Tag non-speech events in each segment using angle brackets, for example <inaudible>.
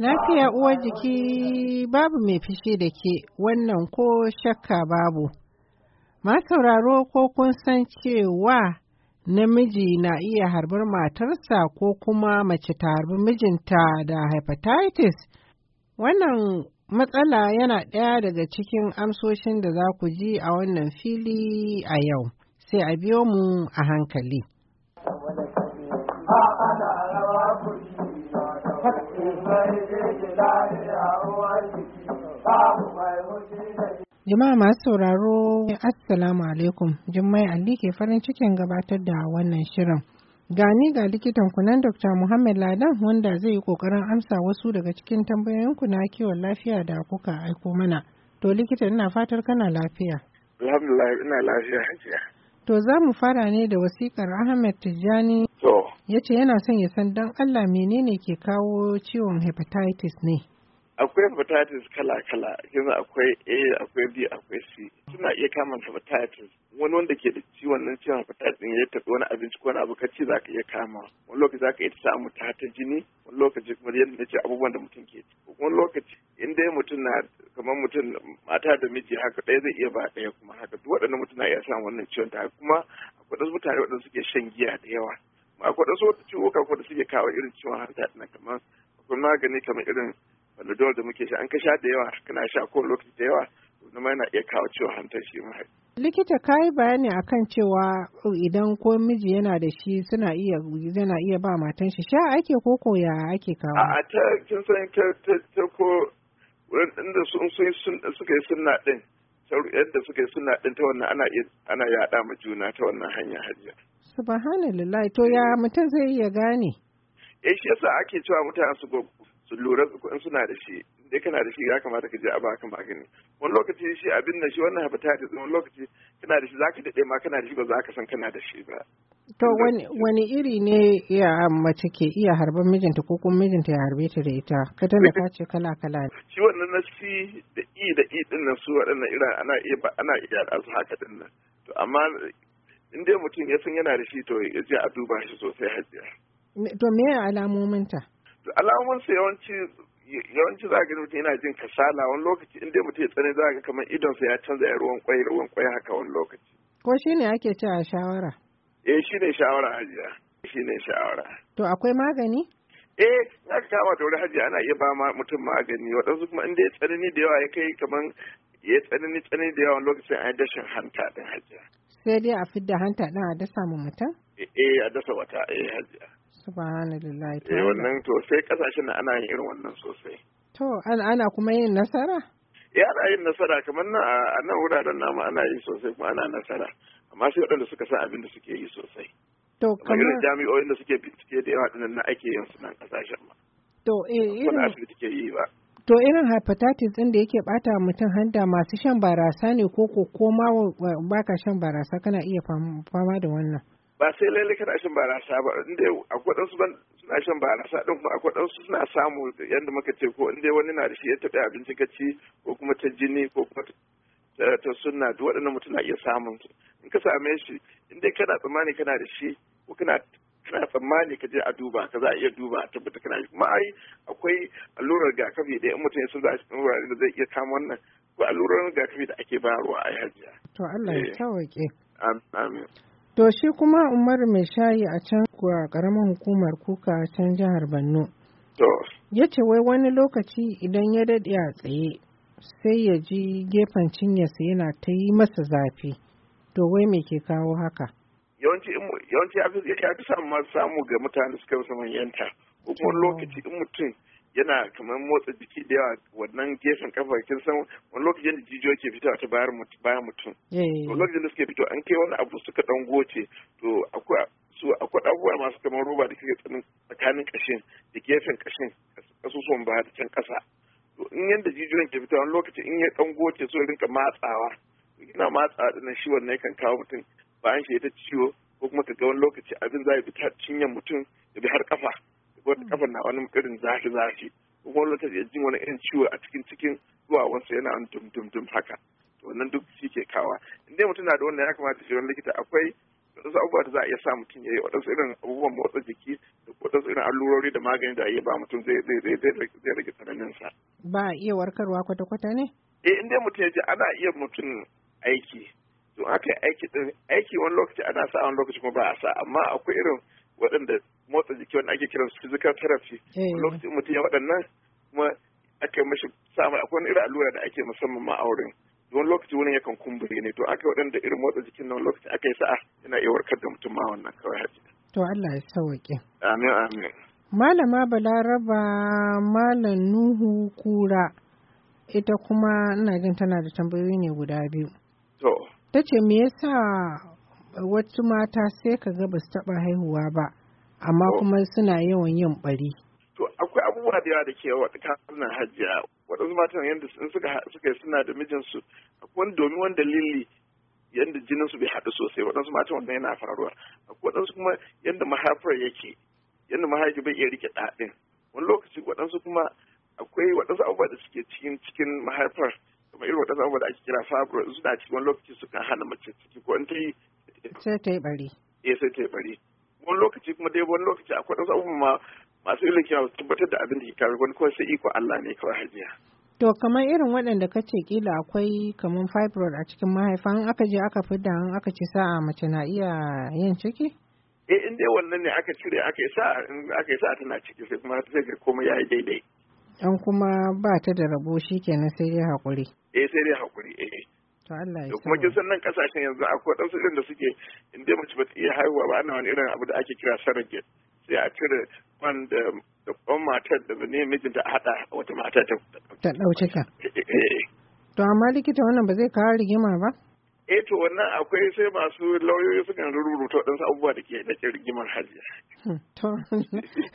Lafiya uwar jiki babu mai fushi da ke wannan ko shakka babu. Ma sauraro ko kun san cewa namiji na iya harbar matarsa ko kuma mace ta harbi mijinta da hepatitis. Wannan matsala yana ɗaya daga cikin amsoshin da za ku ji a wannan fili a yau, sai a biyo mu a hankali. Jama'a masu sauraro, Assalamu alaikum, Jummai Ali ke farin cikin gabatar da wannan shirin. Gani ga likitan kunan Dr. Muhammad Ladan wanda zai yi kokarin amsa wasu daga cikin tambayoyinku na kiwon lafiya da kuka aiko mana. To likita ina fatar kana lafiya. Alhamdulillah ina lafiya hajiya. To za mu fara ne da wasikar Ahmed Tijjani. To. Ya ce yana son ya san dan Allah menene ke kawo ciwon hepatitis ne. akwai hepatitis kala-kala yanzu akwai a akwai b akwai c suna iya kama hepatitis wani wanda ke da ciwon nan ciwon hepatitis din ya tafi wani abinci ko wani abu kaci za ka iya kama wani lokaci za ka iya samu ta ta jini wani lokaci kuma yadda na ce abubuwan da mutum ke ci wani lokaci in dai mutum na kamar mutum mata da miji haka ɗaya zai iya ba ɗaya kuma haka duk waɗannan mutum na iya samun wannan ciwon ta kuma akwai wasu mutane waɗanda suke shan giya da yawa akwai wasu ciwuka ko da suke kawo irin ciwon hanta ɗin kamar akwai magani kamar irin wanda dole da muke sha an ka sha da yawa kana sha ko lokaci da yawa kuma yana iya kawo ciwon hantar shi mahaifa. Likita ka yi bayani akan cewa uh, idan ko miji yana da shi suna iya yana iya ba matan shi sha ake ko koya ake kawo. A ta kin san ta ko wurin din da sun sun suka yi sunna din yadda suka yi sunna din ta wannan ana ana yada ma juna ta wannan hanya hajiya. Subhanallah to ya eh. mutum zai iya gane. Eh shi yasa ake cewa mutane su su lura in suna da shi da kana da shi ya kamata ka je a baka magani wani lokaci shi abin da shi wannan hepatitis wani lokaci kana da shi zaka dade ma kana da shi ba za ka san kana da shi ba to wani wani iri ne ya mace ke iya harban mijinta ko kuma mijinta ya harbe ta da ita Ka tana ka ce kala kala shi wannan na shi da i da i din nan su waɗannan irin ana iya ana iya su haka din nan to amma in dai mutum ya san yana da shi to ya je a duba shi sosai hajiya to me alamominta alamunsa yawanci yawanci za ga mutum yana jin kasala wani lokaci inda mutum ya tsane za ga kamar idonsa ya canza ya ruwan kwai ruwan kwai haka wani lokaci ko shi ne ake cewa shawara eh ne shawara hajiya shi ne shawara to akwai magani eh ya kama da wuri hajiya ana iya ba mutum magani waɗansu kuma inda ya tsanani da yawa ya kai kamar ya tsanani tsanani da yawa lokacin an dashin hanta ɗin hajiya sai dai a fidda hanta ɗin a dasa mu mutum eh a dasa wata eh hajiya subhanallah eh wannan to sai kasashen ana yin irin wannan sosai to ana kuma yin nasara ya eh, ana yin nasara kamar na a nan wuraren namu ana yi sosai kuma ana nasara amma sai waɗanda suka san abin da suke yi sosai to kamar jami'o'in da suke bincike da yawa dinnan na ake yin su nan kasashen ma to eh irin asibiti ke yi ba to irin hepatitis din da yake bata mutum handa masu shan barasa ne ko ko ma baka shan barasa kana iya fama da wannan ba sai lalle kana shan barasa ba inda a kwaɗansu ban suna shan barasa ɗin kuma a kwaɗansu suna samu yadda muka ce ko inda wani na da shi ya taɓa abinci ka ci ko kuma ta jini ko kuma ta sunna duk waɗannan mutum na iya samun su in ka same shi in dai kana tsammani kana da shi ko kana kana tsammani ka je a duba ka za a iya duba a tabbata kana shi kuma ai akwai allurar rigakafi da in mutum ya san za a shi wurare da zai iya kama wannan ko allurar rigakafi da ake bayarwa a yajiya. to Allah ya eh. amin amin. To shi kuma Umar mai shayi a can kuwa ƙaramin hukumar kuka a can jihar Borno. Ya ce wai wani lokaci idan ya daɗe a tsaye sai ya ji gefen cinyarsa yana ta yi masa zafi. To wai me ke kawo haka? Yawanci ya fi samu ga mutane suka masa manyanta. Kuma lokaci in mutum yana kamar motsa jiki da yawa wannan gefen kafa kin san wani lokacin da jijiyoyi ke fitowa ta bayan mutum wani eh. lokacin da suke fito an kai wani abu suka dan goce to akwai su akwai abubuwa masu kamar roba da kake tsanin tsakanin kashin da gefen kashin kasusuwan baya da can kasa to in yanda jijiyoyin ke fitowa wani lokacin in ya dan goce su rinka matsawa ina matsawa dinnan shi wannan kan kawo mutum bayan shi ya ta ciwo ko kuma ka ga wani lokaci abin za ya bi ta cinyan mutum ya bi har kafa wata mm. kafar na wani irin zafi zafi Kuma wani lokaci ya jin wani irin ciwo a cikin cikin zuwa wansa yana an dum dum dum haka to wannan duk shi ke kawa inda mutum na da wannan ya kamata shi wani likita akwai wasu abubuwa da za a iya sa mutum ya yi waɗansu irin abubuwan motsa jiki da waɗansu irin allurori da magani da a iya ba mutum zai rage tsananin sa. Ba a iya warkarwa kwata-kwata ne? Eh inda mutum ya ji ana iya mutum aiki. To aka yi aiki ɗin aiki wani lokaci ana sa wani lokaci kuma ba a sa amma akwai irin waɗanda motsa jiki wanda ake kiran physical therapy eh. lokacin mutum ya waɗannan kuma aka yi mashi samun akwai wani irin allura da ake musamman ma auren don lokaci wurin yakan kumburi ne to aka waɗanda irin motsa jikin nan lokaci aka yi sa'a yana iya warkar da mutum ma wannan kawai haji to Allah ya sauke amin amin malama balaraba malam nuhu kura ita kuma ina jin tana da tambayoyi ne guda biyu to ta ce me yasa wasu mata sai ka ga ba su taɓa haihuwa ba amma kuma suna yawan yin bari to akwai abubuwa da yawa da ke yawa tsakanin hajiya waɗansu matan yadda suka suka suna da mijinsu akwai domin wani dalili yadda jinin su bai haɗu sosai waɗansu matan wannan yana faruwa akwai waɗansu kuma yadda mahaifar yake yadda mahaifi bai iya rike ɗaɗin wani lokaci waɗansu kuma akwai waɗansu abubuwa da suke cikin cikin mahaifar kamar irin waɗansu abubuwa da ake kira fibroid suna cikin wani lokaci sukan hana mace ciki ko in ta yi sai ta yi bari eh sai ta yi bari wani lokaci kuma dai wani lokaci akwai wasu abubuwa masu ilin su tabbatar da abin da ke kare wani kawai sai iko Allah ne kawai hajiya. To kamar irin waɗanda ka ce kila akwai kamar fibroid a cikin mahaifa in aka je aka da an aka ce sa'a mace na iya yin ciki? Eh in dai wannan ne aka cire aka yi sa'a in aka yi sa'a tana ciki sai kuma zai ga komai ya yi daidai. An kuma ba ta da rabo shi kenan sai dai hakuri. Eh sai dai hakuri eh. eh. da kuma kin san nan kasashen yanzu akwai ɗansu irin da suke inda mace ba ta iya haihuwa ba ana wani irin abu da ake kira sarage sai a cire kwan da kwan matar da ne mijinta a haɗa wata mata ta ɗauce ka. Eh, eh, eh. To amma likita wannan ba zai kawo rigima ba? eh to wannan akwai sai masu lauyoyi sukan rubuta waɗansu abubuwa da ke da rigimar hajiya. Hmm, to,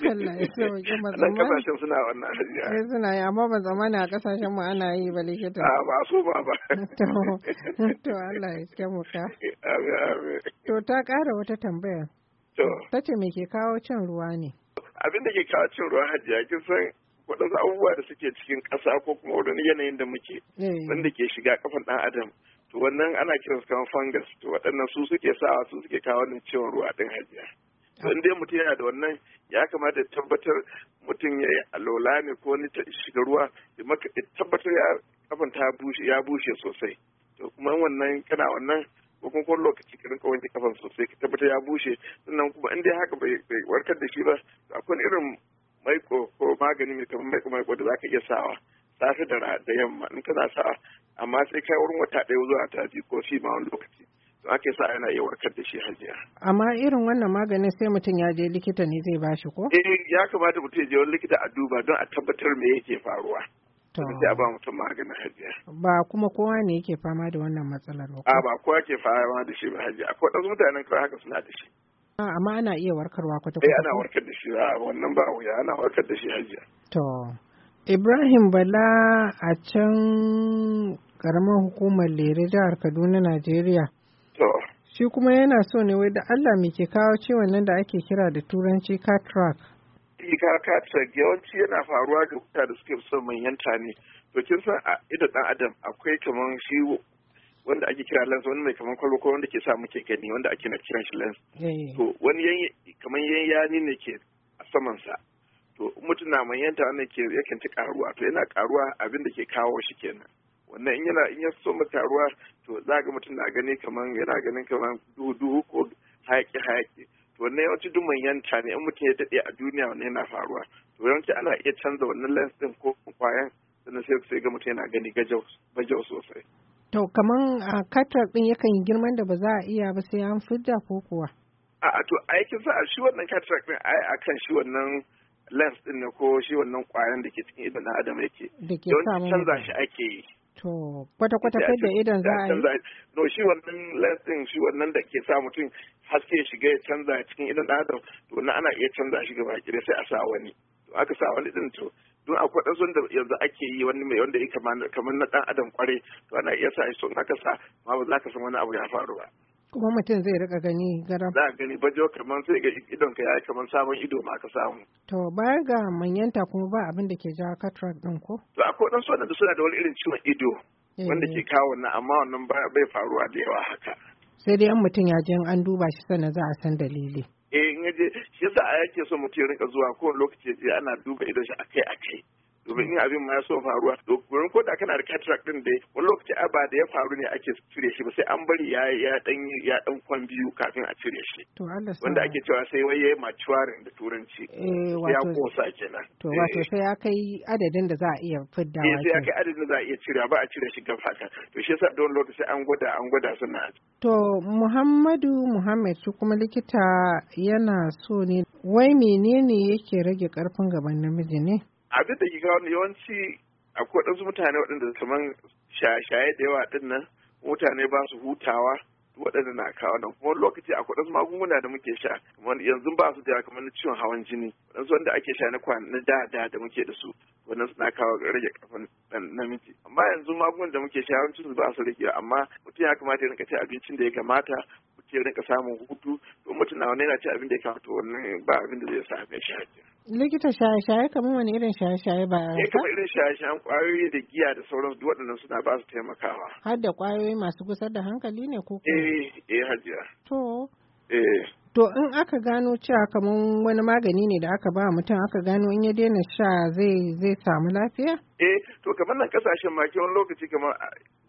Allah ya sa rigimar Allah Nan kasashen suna wannan hajiya. Sai eh, suna yi, amma ba zamani a kasashen mu ana yi ba likita. A ah, ba so ba ba. <laughs> To, Allah ya ce mu ka. Amin amin. To, ta ƙara wata tambaya. To. Ta ce me ke kawo cin ruwa ne? Abin da ke kawo cin ruwa hajiya, kin san waɗansu abubuwa da suke cikin ƙasa ko kuma wurin yanayin da muke eh. wanda ke shiga kafan ɗan adam to wannan ana kiransu kan fungus to waɗannan su suke sawa su suke kawo wannan ciwon ruwa din hajiya to in dai mutum yana da wannan ya kamata tabbatar mutum ya yi alola ne ko ni ta shiga ruwa ya tabbatar ya kafin ta bushe ya bushe sosai to kuma wannan kana wannan ko kuma kowane lokaci ka rinka wanke kafan sosai ka tabbatar ya bushe sannan kuma in dai haka bai warkar da shi ba akwai irin maiko ko magani mai kamar maiko maiko da zaka iya sawa safe da da yamma in kana sa'a amma sai kai wurin wata ɗaya zuwa ta biyu ko fi ma wani lokaci to ake sa yana iya warkar da shi hajiya. amma irin wannan maganin sai mutum ya je likita ne zai bashi ko. eh ya kamata mutum ya je wani likita a duba don a tabbatar me yake faruwa. To. Sai a ba mutum maganin hajiya. Ba kuma kowa ne yake fama da wannan matsalar ba. A ba kowa ke fama da shi ba hajiya. Akwai ɗansu mutanen kawai haka suna da shi. amma ana iya warkarwa kwata-kwata. Eh ana warkar da shi wannan ba wuya ana warkar da shi hajiya. To. Ibrahim Bala a can karamar hukumar Lere jihar Kaduna, Najeriya. Shi kuma yana so ne wai da Allah mai ke kawo ciwon nan da ake kira da turanci cataract. Ika cataract yawanci yana faruwa ga kuta da suke son manyanta ne. To kin san a ido dan Adam akwai kaman shi wanda ake kira lens wani mai kaman kwallo ko wanda ke sa muke gani wanda ake na kiran shi lens. Eh. To wani kaman yanyani ne ke a samansa. to mutum na manyanta wannan ke yakan ci karuwa to yana karuwa abin da ke kawo shi kenan wannan in yana in ya so mu karuwa to za ga mutum na gani kaman yana ganin kaman duhu duhu ko hayaki hayaki to wannan yawanci duk manyanta ne in mutum ya dade a duniya wannan yana faruwa to yawanci ana iya canza wannan lens din ko kwayan sannan sai sai ga mutum yana gani gajau bajau sosai to kaman a katar din yakan yi girman da ba za a iya ba sai an fidda ko kuwa a'a to aikin sa shi wannan katar din ai akan shi wannan lens din ne ko shi wannan kwayan da ke cikin idon na adam yake da canza shi ake yi to kwata kwata kai da idon za a yi no shi wannan lens din shi wannan da ke sa mutum haske ya shiga ya canza cikin idon na adam to na ana iya canza shi gaba ki sai a sa wani to aka sa wani din to don akwai ɗan sun da yanzu ake yi wani mai wanda ya kamar na ɗan adam kware to ana iya sa shi sun aka sa ma ba za ka san wani abu ya faru ba kuma mutum zai rika gani garab za gani bajo kamar sai ga idon ka yayi kamar sabon ido ma ka samu to baya ga manyanta kuma ba abin da ke jawo cataract din ko to akwai dan da suna da wani irin ciwon ido wanda eh. ke kawo na amma wannan bai faruwa da yawa haka sai dai an mutum ya je an duba shi sannan za a san dalili eh in je shi yasa a yake so mutum ya rinka zuwa kowane lokaci ya je ana duba idon shi akai akai domin in abin ma ya so faruwa gurin ko da kana da cataract din dai wani lokaci a ba da ya faru ne ake cire shi ba sai an bari ya ya dan ya dan kwan biyu kafin a cire shi to Allah wanda ake cewa sai wai yayi maturing da turanci eh ya kosa kenan to wato eh. sai ya kai adadin da za a iya fidda wa eh, sai ya kai adadin da za a iya cire ba a cire shi gaba haka to shi yasa don lokaci an gwada an gwada suna to Muhammadu Muhammad shi kuma likita yana so ne wai menene yake rage karfin gaban namiji ne abin da kika wani yawanci akwai waɗansu mutane waɗanda kaman shaye da yawa ɗin nan mutane ba su hutawa waɗanda na kawo nan kuma lokaci akwai waɗansu magunguna da muke sha kamar yanzu ba su da kamar na ciwon hawan jini waɗansu wanda ake sha na kwan na da da da muke da su wannan suna kawo rage kafan namiji amma yanzu magungunan da muke sha yawancin su ba su rage amma mutum ya kamata ya rinka ci abincin da ya kamata mutum ya rinka samun hutu don mutum na wani yana ci abin da ya kamata wannan ba abin da zai same shi likita shaye-shaye kamar wani irin shaye-shaye ba ya eh, kama irin shaye-shayen kwayoyi da giya da sauran duk waɗannan suna ba su taimakawa har da kwayoyi masu gusar da hankali ne ko eh eh hajiya to eh To in aka gano cewa kamar wani magani ne da aka ba mutum aka gano in ya daina sha zai zai samu lafiya? Eh to kamar nan kasashen ma wani lokaci kamar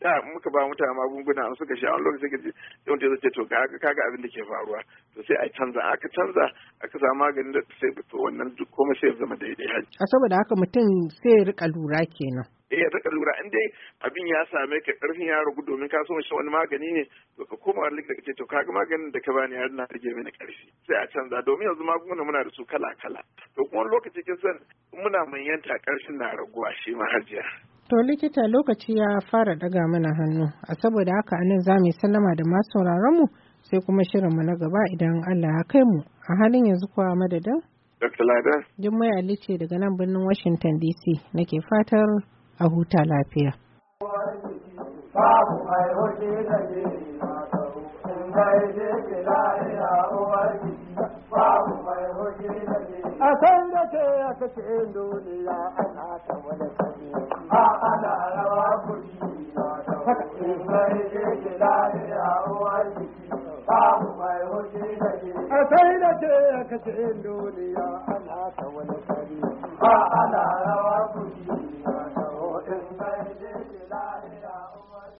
da muka ba mutane magunguna an suka sha wani lokaci kaje yau da zai to kaga abin da ke faruwa to sai a canza aka canza aka samu maganin da sai to wannan duk komai sai ya zama daidai. A saboda haka mutum sai ya rika lura kenan. eh rika lura in dai abin ya same ka karfin ya ragu domin ka so shi wani magani ne to ka koma wani likita kace to kaga maganin da ka bani har na rage mini karfi sai a canza domin yanzu magunguna muna da su kala kala to kuma lokaci kin san muna manyanta karfin na raguwa shi ma hajiya To likita lokaci ya fara daga mana hannu a saboda haka anan za mu sallama da masu mu sai kuma shirinmu na gaba idan Allah ya kai mu a halin yanzu kuwa madadin Dr. Lada. Jummai Ali daga nan birnin Washington DC nake fatar a huta lafiya. A san da ke ya kace duniya ana ta wani kare, a ana ta wani